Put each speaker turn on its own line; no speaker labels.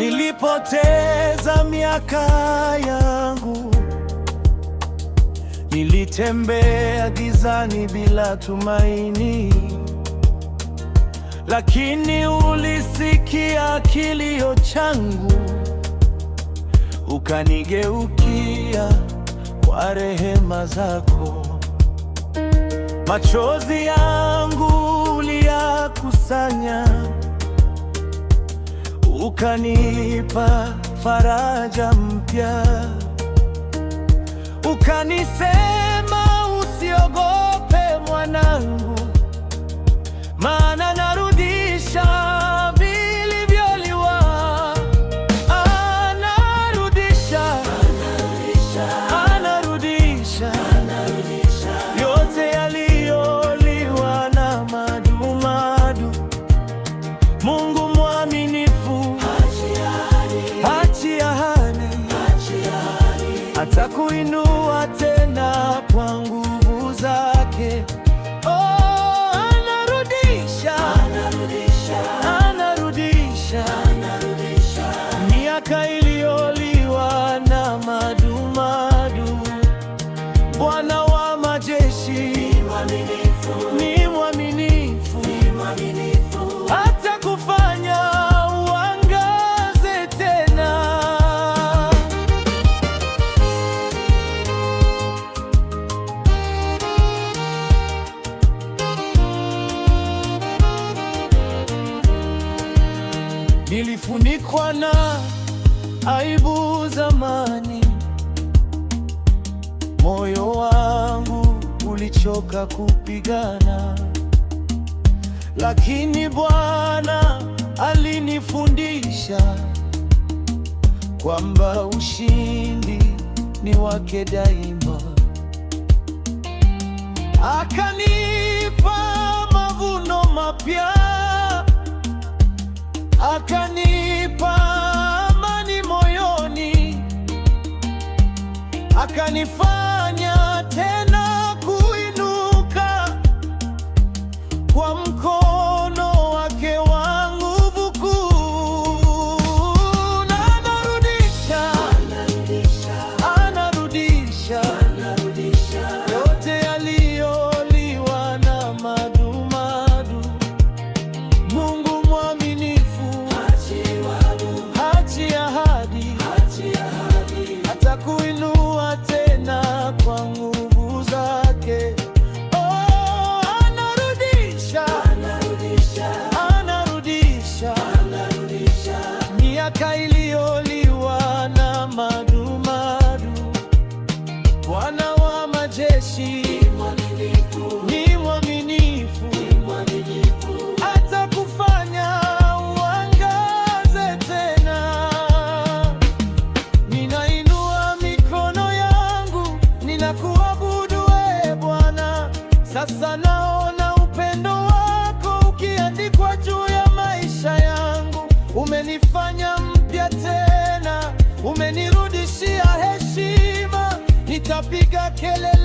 Nilipoteza miaka yangu, nilitembea gizani bila tumaini, lakini ulisikia kilio changu, ukanigeukia kwa rehema zako. Machozi yangu ukanipa faraja mpya, ukanisema kuinua tena kwa nguvu zake. Nilifunikwa na aibu zamani, moyo wangu ulichoka kupigana, lakini Bwana alinifundisha kwamba ushindi ni wake daima. Akanipa mavuno mapya if I Sasa naona upendo wako ukiandikwa juu ya maisha yangu. Umenifanya mpya tena, umenirudishia heshima, nitapiga kelele